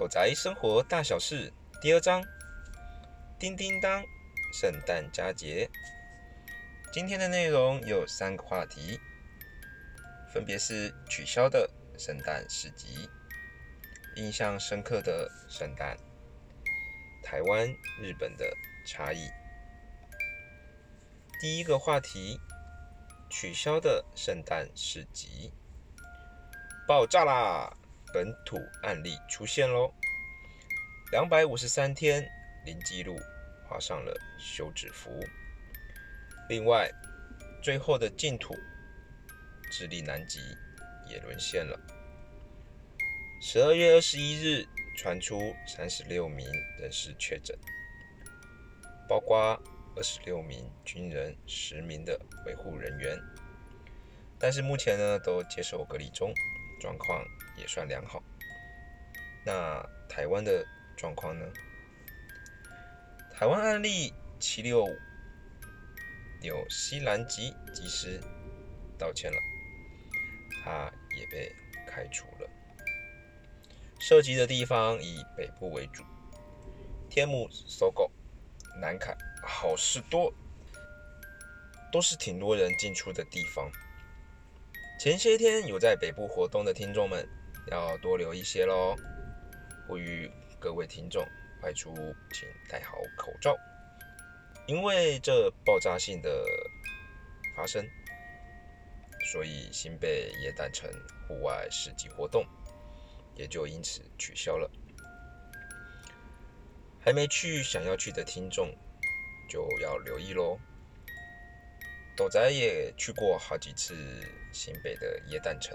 豆仔生活大小事第二章，叮叮噹，聖誕佳節。今天的內容有三個話題，分別是取消的聖誕市集、印象深刻的聖誕、台灣日本的差異。第一個話題，取消的聖誕市集，爆炸啦！本土案例出現嘍，兩百五十三天零紀錄畫上了休止符。另外，最後的淨土——智利南極也淪陷了。十二月二十一日傳出三十六名人士確診，包括二十六名軍人、十名的維護人員，但是目前呢都接受隔離中。狀況也算良好。那台灣的狀況呢？台灣案例七六五，有紐西蘭籍機師道歉了，他也被開除了。涉及的地方以北部為主，天母、SOGO 南凱、好事多，都是挺多人進出的地方。前些天有在北部活動的聽眾們，要多留一些嘍。呼籲各位聽眾外出請戴好口罩，因為這爆炸性的發生，所以新北耶誕城戶外市集活動，也就因此取消了。還沒去想要去的聽眾就要留意嘍。豆仔也去過好幾次新北的耶誕城，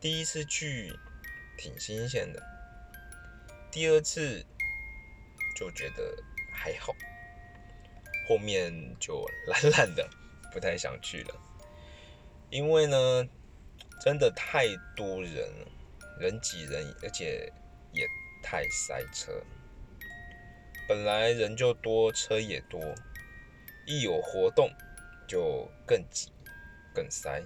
第一次去挺新鮮的，第二次就覺得還好，後面就懶懶的，不太想去了。因為呢，真的太多人，人擠人，而且也太塞車，本來人就多，車也多。一有活動就更擠、更塞。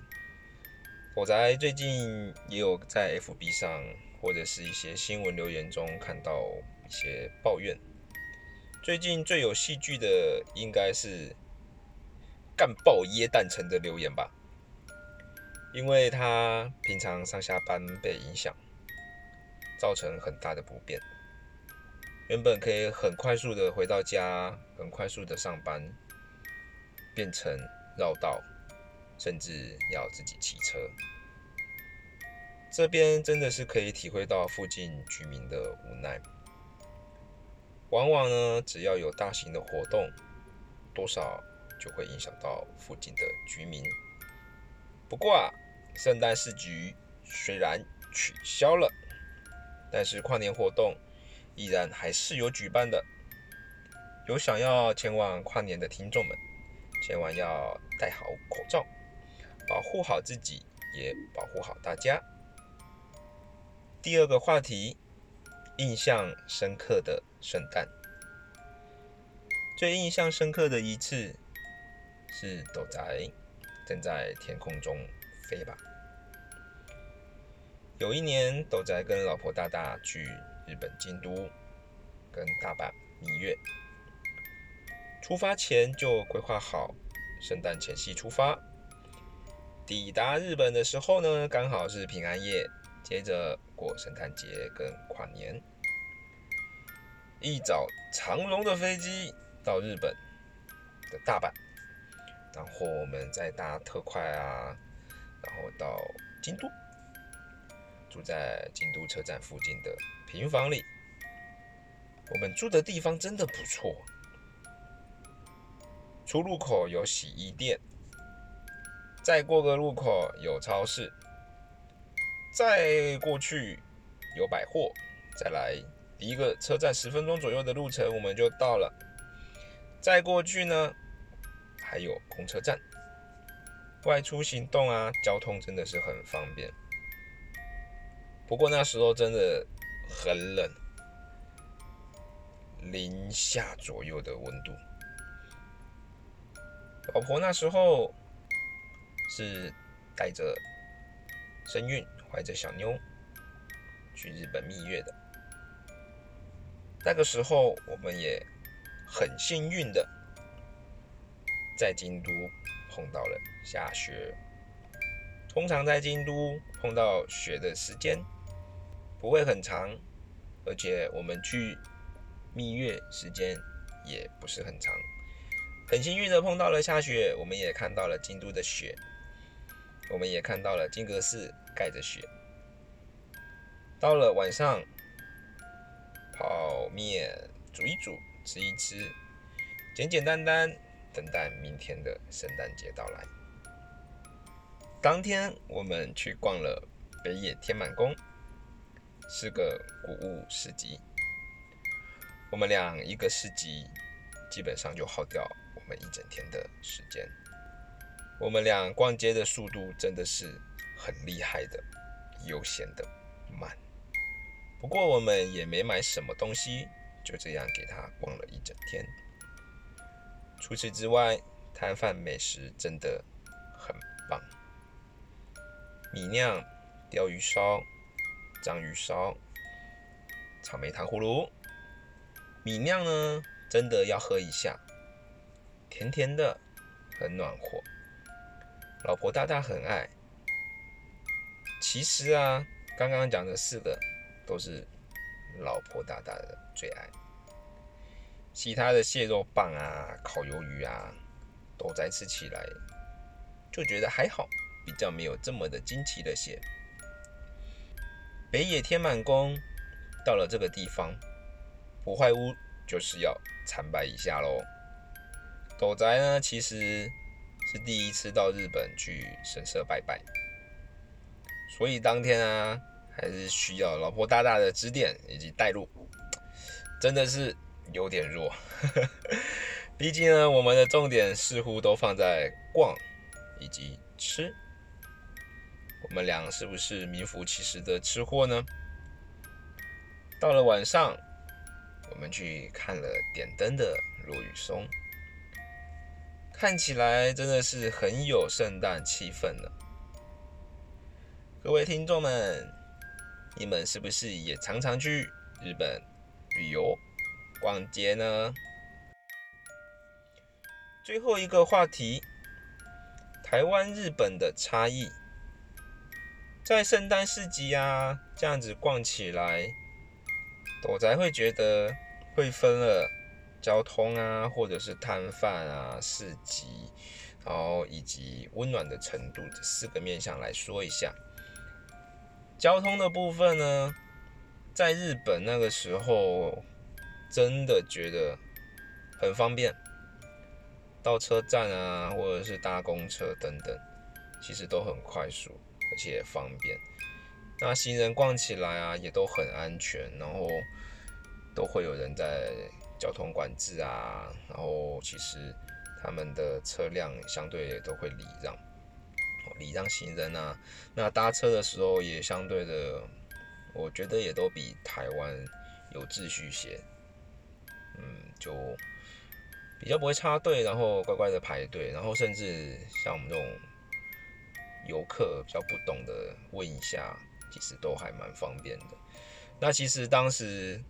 我在最近也有在 FB 上或者是一些新聞留言中看到一些抱怨。最近最有戲劇的應該是幹爆耶誕城的留言吧，因為他平常上下班被影響，造成很大的不便。原本可以很快速的回到家，很快速的上班。變成繞道，甚至要自己騎車。這邊真的是可以體會到附近居民的無奈。往往呢，只要有大型的活動，多少就會影響到附近的居民。不過啊，聖誕市集雖然取消了，但是跨年活動依然還是有舉辦的。有想要前往跨年的聽眾們。千萬要戴好口罩，保護好自己，也保護好大家。第二個話題，印象深刻的聖誕，最印象深刻的一次是豆仔正在天空中飛吧。有一年，豆仔跟老婆大大去日本京都跟大阪蜜月。出發前就規劃好，聖誕前夕出發。抵達日本的時候呢，剛好是平安夜，接着過聖誕節跟跨年。一早長榮的飛機到日本的大阪，然後我們再搭特快啊，然後到京都，住在京都車站附近的平房裡。我們住的地方真的不錯。出入口有洗衣店，再過個路口有超市，再過去有百貨，再來第一個車站十分鐘左右的路程我們就到了。再過去呢，還有公車站。外出行動啊，交通真的是很方便。不過那時候真的很冷，零下左右的溫度。老婆那時候是帶着身孕、懷着小妞去日本蜜月的。那個時候我們也很幸運的在京都碰到了下雪。通常在京都碰到雪的時間不會很長，而且我們去蜜月時間也不是很長。很幸運的碰到了下雪，我們也看到了京都的雪，我們也看到了金閣寺蓋着雪。到了晚上，泡麵煮一煮，吃一吃，簡簡單單，單，等待明天的聖誕節到來。當天我們去逛了北野天滿宮，是個古物市集，我們倆一個市集基本上就耗掉了我們一整天的時間，我們倆逛街的速度真的是很厲害的，悠閒的慢。不過我們也沒買什麼東西，就這樣給他逛了一整天。除此之外，攤販美食真的很棒米，米釀、鯛魚燒、章魚燒、草莓糖葫蘆，米釀呢真的要喝一下。甜甜的，很暖和，老婆大大很愛。其實啊，剛剛講的四個都是老婆大大的最愛。其他的蟹肉棒啊、烤魷魚啊，都在吃起來就覺得還好，比較沒有這麼的驚奇的蟹。北野天滿宮到了這個地方，不壞屋就是要參拜一下嘍。豆仔呢，其實是第一次到日本去神社拜拜，所以當天啊還是需要老婆大大的指點以及帶路，真的是有點弱。 畢竟呢，我們的重點似乎都放在逛以及吃，我們倆是不是名副其實的吃貨呢？到了晚上，我們去看了點燈的落羽松。看起來真的是很有聖誕氣氛了，各位聽眾們，你們是不是也常常去日本旅遊、逛街呢？最後一個話題，台灣、日本的差異，在聖誕市集啊，這樣子逛起來，我才會覺得會分了。交通啊，或者是攤販啊、市集，然後以及溫暖的程度這四個面向來說一下。交通的部分呢，在日本那個時候真的覺得很方便，到車站啊，或者是搭公車等等，其實都很快速，而且也方便。那行人逛起來啊，也都很安全，然後都會有人在。交通管制啊，然後其實他們的車輛相對也都會禮讓，禮讓行人啊，那搭車的時候也相對的，我覺得也都比台灣有秩序些，嗯，就比較不會插隊，然後乖乖的排隊，然後甚至像我們這種遊客比較不懂的問一下，其實都還蠻方便的。那其實當時。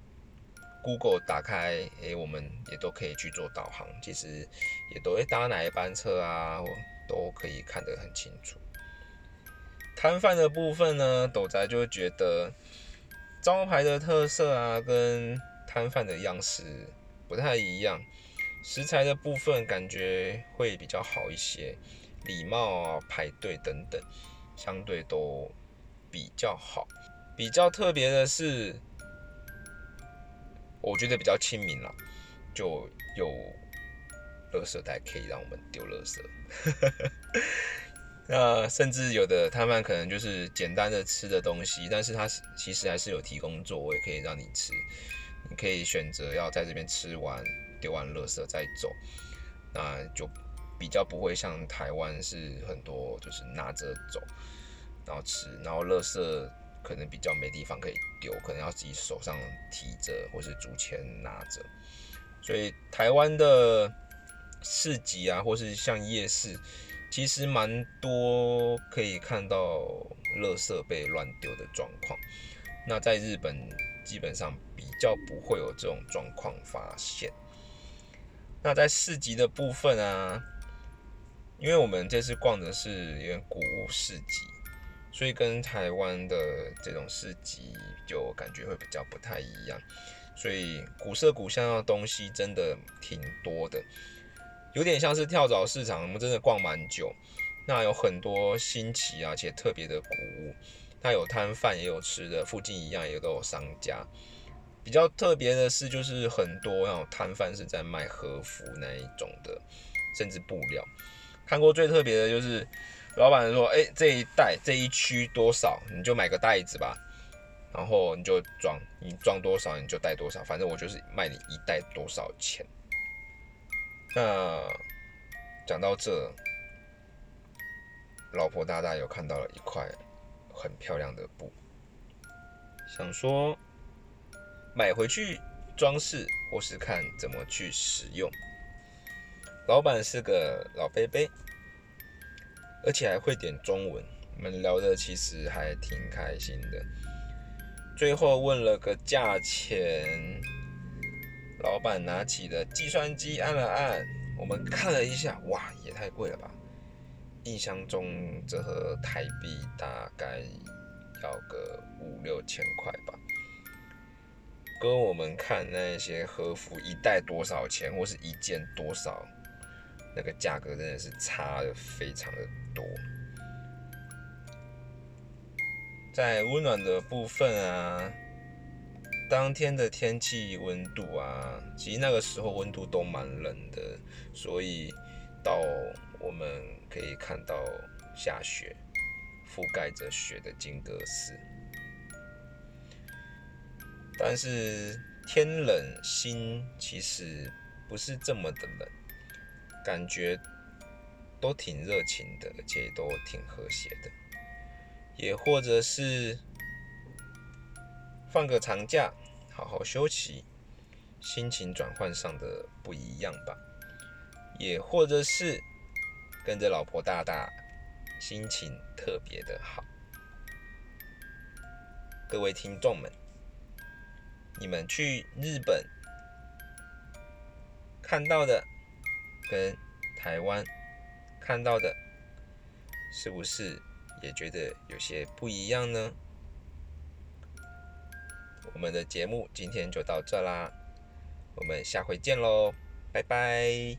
Google 打開誒、欸，我們也都可以去做導航，其實也都會搭哪一班車啊，我都可以看得很清楚。攤販的部分呢，豆仔就會覺得招牌的特色啊，跟攤販的樣式不太一樣。食材的部分感覺會比較好一些，禮貌啊、排隊等等，相對都比較好。比較特別的是。我覺得比較親民啦，就有，垃圾袋可以讓我們丟垃圾， 那甚至有的攤販可能就是簡單的吃的東西，但是他其實還是有提供座位可以讓你吃，你可以選擇要在這邊吃完丟完垃圾再走，那就比較不會像台灣是很多就是拿着走，然後吃，然後垃圾。可能比較沒地方可以丟，可能要自己手上提着或是竹籤拿着，所以台灣的市集啊，或是像夜市，其實蠻多可以看到垃圾被亂丟的狀況。那在日本基本上比較不會有這種狀況發現。那在市集的部分啊，因為我們這次逛的是一個古物市集。所以跟台灣的這種市集就感覺會比較不太一樣，所以古色古香的東西真的挺多的，有點像是跳蚤市場，我們真的逛蠻久，那有很多新奇而且特別的古物，它有攤販也有吃的，附近一樣也都有商家。比較特別的是，就是很多那種攤販是在賣和服那一種的，甚至布料。看過最特別的就是。老板說：“哎、欸，這一袋這一區多少？你就買個袋子吧，然後你就裝，你裝多少你就帶多少，反正我就是賣你一袋多少錢。那”那講到這，老婆大大有看到了一塊很漂亮的布，想說買回去裝飾或是看怎麼去使用。老板是個老杯杯。而且還會點中文，我們聊得其實還挺開心的。最後問了個價錢，老板拿起了計算機按了按，我們看了一下，哇，也太貴了吧！印象中這合台幣大概要個五六千塊吧。跟我們看那些和服一袋多少錢，或是一件多少？那個價格真的是差的非常的多，在溫暖的部分啊，當天的天氣溫度啊，其實那個時候溫度都蠻冷的，所以到我們可以看到下雪，覆蓋着雪的金閣寺，但是天冷，心其實不是這麼的冷。感覺都挺熱情的，而且都挺和諧的，也或者是放個長假，好好休息，心情轉換上的不一樣吧，也或者是跟着老婆大大，心情特別的好。各位聽眾們，你們去日本看到的，跟台灣看到的，是不是也覺得有些不一樣呢？我們的節目今天就到這啦，我們下回見嘍，拜拜。